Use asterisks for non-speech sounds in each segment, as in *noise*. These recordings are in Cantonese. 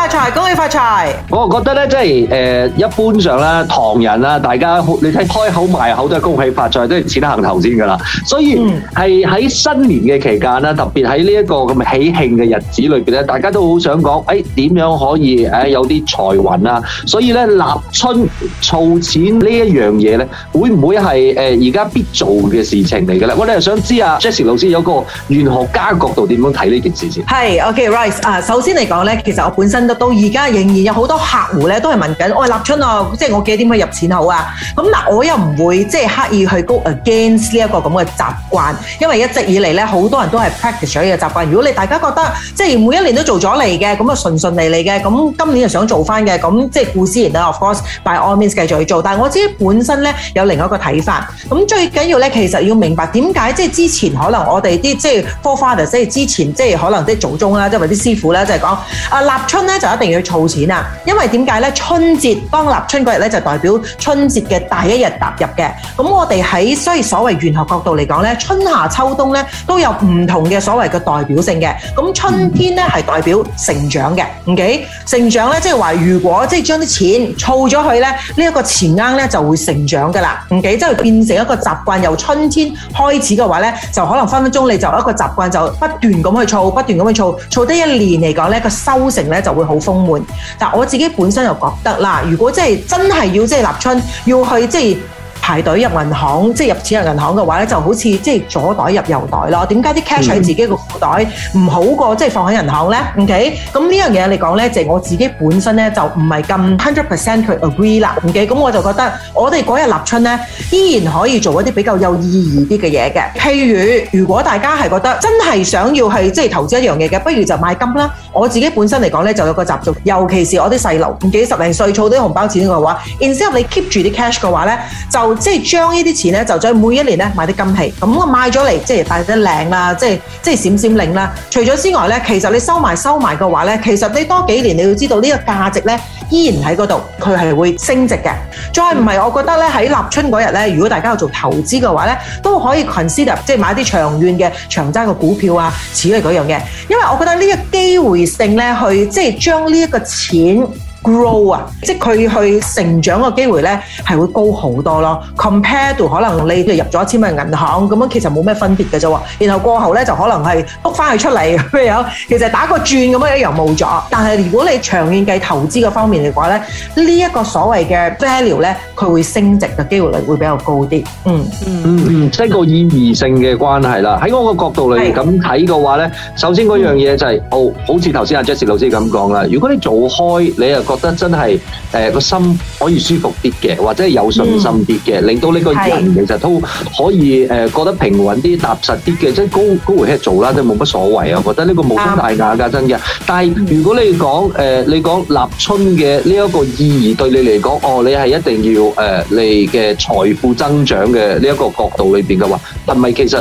發財，恭喜發財！我就覺得咧，即係誒、呃，一般上咧，唐人啊，大家你睇開口埋口都係恭喜發財，都係錢行頭先噶啦。所以係喺、嗯、新年嘅期間啦，特別喺呢一個咁喜慶嘅日子裏邊咧，大家都好想講，誒、哎，點樣可以誒、呃、有啲財運啊？所以咧，立春儲錢呢一樣嘢咧，會唔會係誒而家必做嘅事情嚟嘅啦？我哋係想知啊 *music* ，Jessie 老師有個玄學家角度點樣睇呢件事先？係 OK，Rice 啊，okay, right, 首先嚟講咧，其實我本身。到而家仍然有好多客戶咧，都係問緊，我、哎、立春啊，即係我幾點去入錢好啊？咁嗱，我又唔會即係刻意去 go against 呢一個咁嘅習慣，因為一直以嚟咧，好多人都係 practice 咗呢個習慣。如果你大家覺得即係每一年都做咗嚟嘅，咁啊順順利利嘅，咁今年就想做翻嘅，咁即係固之然啦。Of course，by all means，繼續去做。但係我自己本身咧，有另一個睇法。咁最緊要咧，其實要明白點解即係之前可能我哋啲即係 forefather 即係之前即係可能啲祖宗啦，即係或者師傅咧，就係講啊立春咧。就一定要儲錢啦！因為點解呢？春節當立春嗰日咧，就代表春節嘅第一日踏入嘅。咁我哋喺所以所謂玄學角度嚟講咧，春夏秋冬咧都有唔同嘅所謂嘅代表性嘅。咁春天咧係代表成長嘅。唔幾成長咧，即係話如果即係將啲錢儲咗去咧，呢、這、一個錢罌咧就，就會成長噶啦。唔幾即係變成一個習慣，由春天開始嘅話咧，就可能分分鐘你就有一個習慣就不斷咁去儲，不斷咁去儲，儲得一年嚟講咧個收成咧就會。好豐滿，但我自己本身又覺得啦，如果真係要即係立春，要去即係、就是排隊入銀行，即係入錢入銀行嘅話咧，就好似即係左袋入右袋咯。點解啲 cash 喺自己個褲袋唔、嗯、好過即係放喺銀行咧？OK，咁呢樣嘢嚟講咧，就是、我自己本身咧就唔係咁 hundred percent 佢 agree 啦。OK，咁我就覺得我哋嗰日立春咧，依然可以做一啲比較有意義啲嘅嘢嘅。譬如，如果大家係覺得真係想要係即係投資一樣嘢嘅，不如就買金啦。我自己本身嚟講咧就有個習俗，尤其是我啲細路幾十零歲儲到啲紅包錢嘅話，instead 你 keep 住啲 cash 嘅話咧就。即係將呢啲錢咧就在每一年買啲金器，買咗，嚟，即係戴啲靚啦，即係即係閃閃亮啦。除咗之外咧，其實你收埋收埋嘅話咧，其實你多幾年你要知道呢個價值咧，依然喺嗰度，佢係會升值嘅。再唔係，我覺得咧喺立春嗰日咧，如果大家有做投資嘅話咧，都可以 consider 即係買啲長遠嘅長揸嘅股票啊，此類嗰樣嘅。因為我覺得呢個機會性咧，去即係將呢一個錢。grow 啊，即係佢去成長嘅機會咧，係會高好多咯。Compare to 可能你入咗一千蚊銀行咁樣，其實冇咩分別嘅啫。然後過後咧就可能係碌翻佢出嚟咁樣，其實打個轉咁樣一樣冇咗。但係如果你長遠計投資嘅方面嚟講咧，呢一個所謂嘅 value 咧，佢會升值嘅機會率會比較高啲。嗯嗯嗯嗯，即係個意義性嘅關係啦。喺我個角度嚟咁睇嘅話咧，首先嗰樣嘢就係，哦，好似頭先阿 Jessie 老師咁講啦，如果你做開你又。覺得真係誒個心可以舒服啲嘅，或者有信心啲嘅、嗯，令到呢個人其實都可以誒覺得平穩啲、踏實啲嘅。即係高嗰回係做啦，都冇乜所謂啊。我覺得呢個冇傷大雅噶真嘅、嗯。但係如果你講誒、呃，你講立春嘅呢一個意義對你嚟講，哦，你係一定要誒你嘅財富增長嘅呢一個角度裏邊嘅話，係咪其實？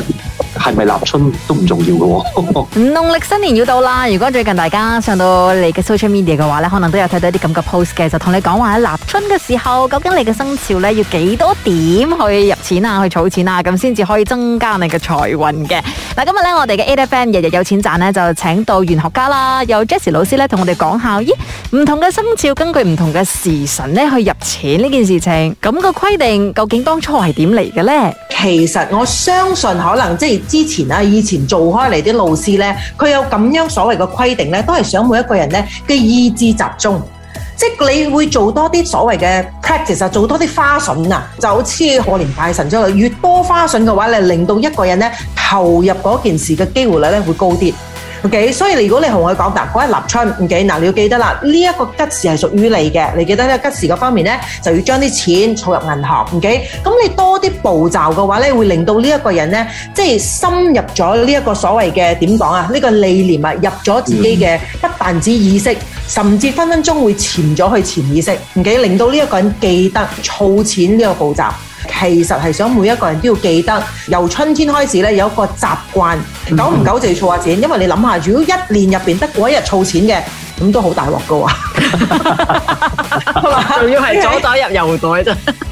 係咪立春都唔重要嘅？農 *laughs* 曆新年要到啦！如果最近大家上到你嘅 social media 嘅話咧，可能都有睇到一啲咁嘅 post 嘅，就同你講話喺立春嘅時候，究竟你嘅生肖咧要幾多點去入錢啊，去儲錢啊，咁先至可以增加你嘅財運嘅。嗱， *laughs* 今日咧我哋嘅 A. F. M. 日日有錢賺咧，就請到玄學家啦，有 Jessie 老師咧同我哋講下，咦，唔同嘅生肖根據唔同嘅時辰咧去入錢呢件事情，咁個規定究竟當初係點嚟嘅咧？其實我相信可能即之前啊，以前做開嚟啲老師呢，佢有咁樣所謂嘅規定呢，都係想每一個人呢嘅意志集中，即係你會做多啲所謂嘅 practice 啊，做多啲花筍啊，就好似過年拜神咁樣，越多花筍嘅話咧，令到一個人呢投入嗰件事嘅機會率呢會高啲。O、okay? K，所以如果你同我講嗱，嗰一立春，ok 嗱，你要記得啦，呢一個吉時係屬於你嘅，你記得呢個吉時嗰方面呢，就要將啲錢儲入銀行。O K，咁你多啲步驟嘅話呢，會令到呢一個人呢，即係深入咗呢一個所謂嘅點講啊，呢個理念啊，入咗自己嘅不單止意識，甚至分分鐘會潛咗去潛意識，ok 令到呢一個人記得儲錢呢個步驟。其實係想每一個人都要記得，由春天開始咧，有一個習慣，久唔久就要儲下錢，嗯。因為你諗下，如果一年面，一 *laughs* *laughs* *laughs* 入邊得嗰一日儲錢嘅，咁都好大鑊噶喎。仲要係左袋入右袋，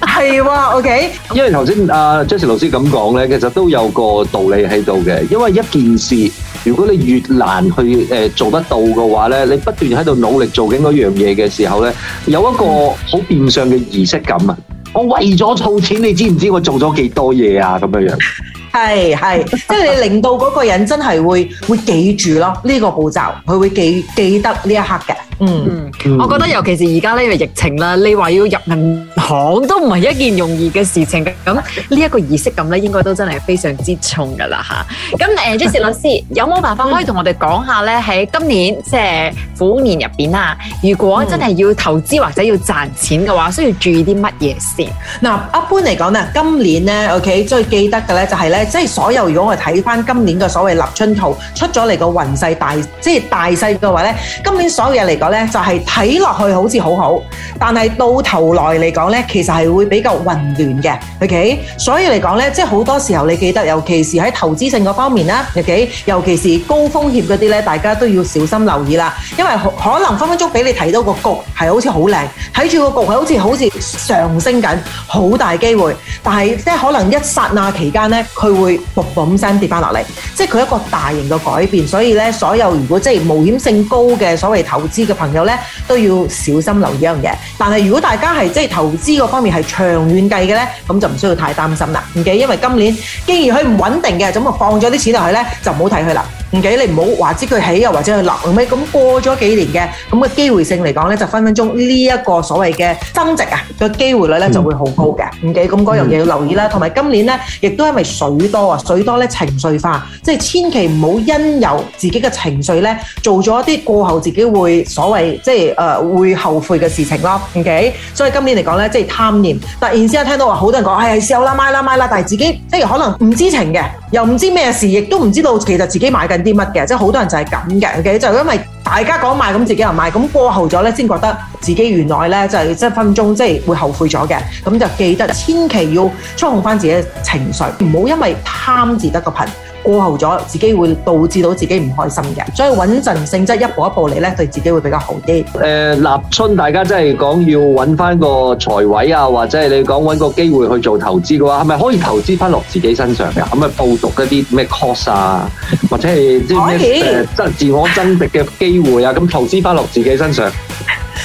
係喎。OK。因為頭先阿 Jessie 老師咁講咧，其實都有個道理喺度嘅。因為一件事，如果你越難去誒、呃、做得到嘅話咧，你不斷喺度努力做緊嗰樣嘢嘅時候咧，有一個好變相嘅儀式感啊。嗯我為咗儲錢，你知唔知我做咗幾多嘢啊？咁樣樣。係係， *laughs* 即係你令到嗰個人真係會會記住咯，呢、這個步驟佢會記記得呢一刻嘅。嗯，我覺得尤其是而家呢，因為疫情啦，你話要入銀行都唔係一件容易嘅事情嘅。咁呢一個儀式感咧，應該都真係非常之重噶啦吓。咁 *laughs* 誒、朱、呃、Jessie *laughs* G 老師有冇辦法可以同我哋講下咧？喺今年即係虎年入邊啊，如果真係要投資或者要賺錢嘅話，需要注意啲乜嘢先？嗱、嗯，一、啊、般嚟講咧，今年咧 *laughs* ，OK 最記得嘅咧就係咧。即係所有，如果我哋睇翻今年嘅所謂立春圖出咗嚟個雲勢運勢大，即係大勢嘅話咧，今年所有嘢嚟講咧，就係睇落去好似好好，但係到頭來嚟講咧，其實係會比較混亂嘅。OK，所以嚟講咧，即係好多時候你記得，尤其是喺投資性嗰方面啦。OK，尤其是高風險嗰啲咧，大家都要小心留意啦。因為可能分分鐘俾你睇到個局係好似好靚，睇住個局係好似好似上升緊，好大機會，但係即係可能一剎那期間咧佢。會噗噗聲跌翻落嚟，即係佢一個大型嘅改變，所以呢，所有如果即係冒險性高嘅所謂投資嘅朋友呢，都要小心留意一樣嘢。但係如果大家係即係投資嗰方面係長遠計嘅呢，咁就唔需要太擔心啦。唔記，因為今年既然佢唔穩定嘅，咁就放咗啲錢落去呢，就唔好睇佢啦。唔記，你唔好話之佢起又或者佢落咁，過咗幾年嘅咁個機會性嚟講咧，就分分鐘呢一個所謂嘅增值啊嘅機會率咧就會好高嘅。唔記，咁嗰樣嘢要留意啦。同埋今年咧，亦都因為水多啊，水多咧情緒化，即係千祈唔好因由自己嘅情緒咧做咗一啲過後自己會所謂即係誒會後悔嘅事情咯。唔記，所以今年嚟講咧，即係貪念，突然之間聽到話好多人講，哎 sell 啦買啦買啦，但係自己即係可能唔知情嘅。又唔知咩事，亦都唔知道其實自己買緊啲乜嘅，即係好多人就係咁嘅，OK？就因為大家講買，咁自己又買，咁過後咗呢，先覺得自己原來呢，就係即係分分鐘即係會後悔咗嘅，咁就記得千祈要操控返自己嘅情緒，唔好因為貪字得個貧。過後咗，自己會導致到自己唔開心嘅，所以穩陣性質，一步一步嚟咧，對自己會比較好啲，呃。立春，大家真係講要揾翻個財位啊，或者係你講揾個機會去做投資嘅話，係咪可以投資翻落自己身上嘅咁啊，報讀一啲咩 course 啊， *laughs* 或者係即係咩自我增值嘅機會啊，咁投資翻落自己身上。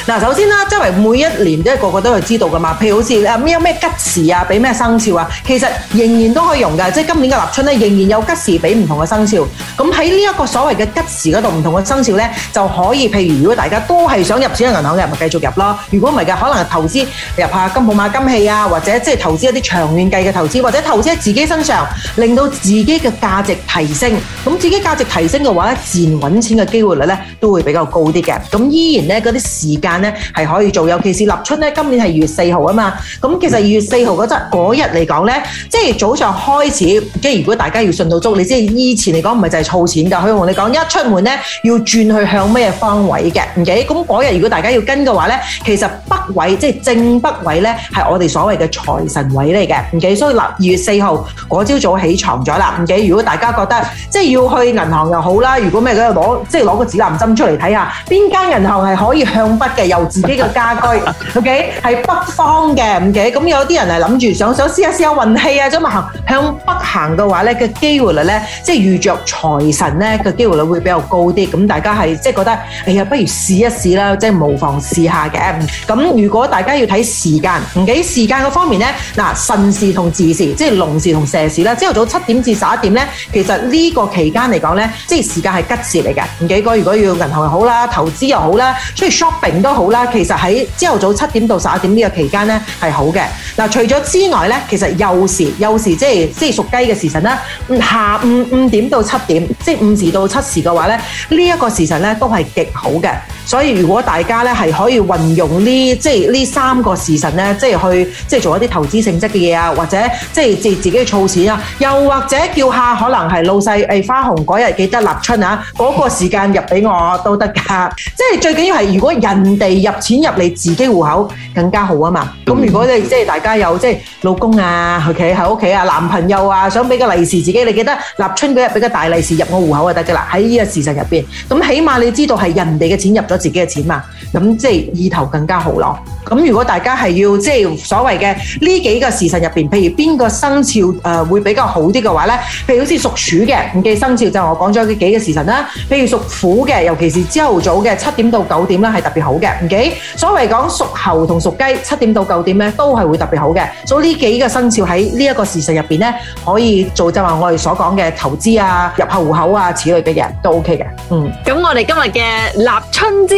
首先啦，周圍每一年都係個個都係知道的嘛，譬如好似有咩吉時啊，俾咩生肖啊，其實仍然都可以用的。即今年嘅立春呢，仍然有吉時俾唔同嘅生肖。咁喺呢一個所謂嘅吉時嗰度，唔同嘅生肖呢，就可以譬如如果大家都係想入錢嘅銀行嘅，咪繼續入咯。如果唔係嘅，可能投資入下金寶馬金器啊，或者即投資一啲長遠計嘅投資，或者投資喺自己身上，令到自己嘅價值提升。咁自己價值提升嘅話咧，自然揾錢嘅機會率呢都會比較高啲嘅。咁依然呢，嗰啲時間。咧係可以做，尤其是立春咧，今年係二月四號啊嘛。咁其實二月四號嗰日嚟講咧，即係早上開始，即係如果大家要順道足，你知以前嚟講唔係就係儲錢噶。佢同你講，一出門咧要轉去向咩方位嘅？唔記咁嗰日，如果大家要跟嘅話咧，其實北位即係正北位咧，係我哋所謂嘅財神位嚟嘅。唔記所以立二月四號嗰朝早起床咗啦。唔記如果大家覺得即係要去銀行又好啦，如果咩度攞即係攞個指南針出嚟睇下，邊間銀行係可以向北嘅。由自己嘅家居 *laughs* ，OK，係北方嘅，唔嘅咁有啲人係諗住想想試一試有運氣啊，即行向北行嘅話呢嘅機會率呢，即係遇着財神呢，嘅機會率會比較高啲。咁大家係，即係覺得哎呀，不如試一試啦，即係無妨試下嘅。咁如果大家要睇時間，唔嘅時間嘅方面呢，嗱，辰時同巳時，即係龍時同蛇時啦。朝頭早七點至十一點呢，其實呢個期間嚟講呢，即係時間係吉時嚟嘅。唔幾如果要銀行又好啦，投資又好啦，出去 shopping 都。好啦，其實喺朝頭早七點到十一點呢個期間呢係好嘅。除咗之外呢，其實酉時酉時即係即係屬雞嘅時辰啦。下午五點到七點，即係五時到七時嘅話呢，呢一個時辰呢都係極好嘅。所以如果大家呢係可以運用呢即係呢三個時辰呢，即係去即係做一啲投資性質嘅嘢啊，或者即係自自己儲錢啊，又或者叫下可能係老細誒花紅嗰日記得立春啊，嗰個時間入俾我都得㗎。即係最緊要係如果人哋入錢入嚟自己戶口更加好啊嘛。咁如果你即係大家有即係老公啊，佢企喺屋企啊，男朋友啊，想俾個利是自己，你記得立春嗰日俾個大利是入我戶口就得㗎啦。喺呢個時辰入邊，咁起碼你知道係人哋嘅錢入。咗自己嘅錢嘛，咁即係意頭更加好咯。咁如果大家係要即係、就是、所謂嘅呢幾個時辰入邊，譬如邊個生肖誒、呃、會比較好啲嘅話咧，譬如好似屬鼠嘅，唔記得生肖就係我講咗幾個時辰啦。譬如屬虎嘅，尤其是朝頭早嘅七點到九點啦，係特別好嘅。唔記所謂講屬猴同屬雞七點到九點咧，都係會特別好嘅。所以呢幾個生肖喺呢一個時辰入邊咧，可以做就係我哋所講嘅投資啊、入后戶口啊此類嘅嘢都 OK 嘅。嗯，咁我哋今日嘅立春。知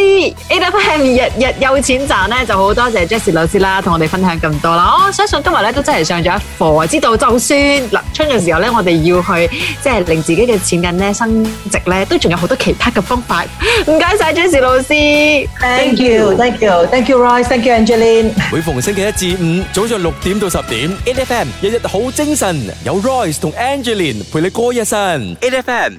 A F M 日日有錢賺咧，就好多謝 Jessie 老師啦，同我哋分享咁多啦。我相信今日咧都真係上咗一課，知道就算立春嘅時候咧，我哋要去即係令自己嘅錢銀咧升值咧，都仲有好多其他嘅方法。唔該晒 Jessie 老師，Thank you，Thank you，Thank you，Royce，Thank you，Angeline。每逢星期一至五早上六點到十點，A F M 日日好精神，有 Royce 同 Angeline 陪你過一晨，A F M。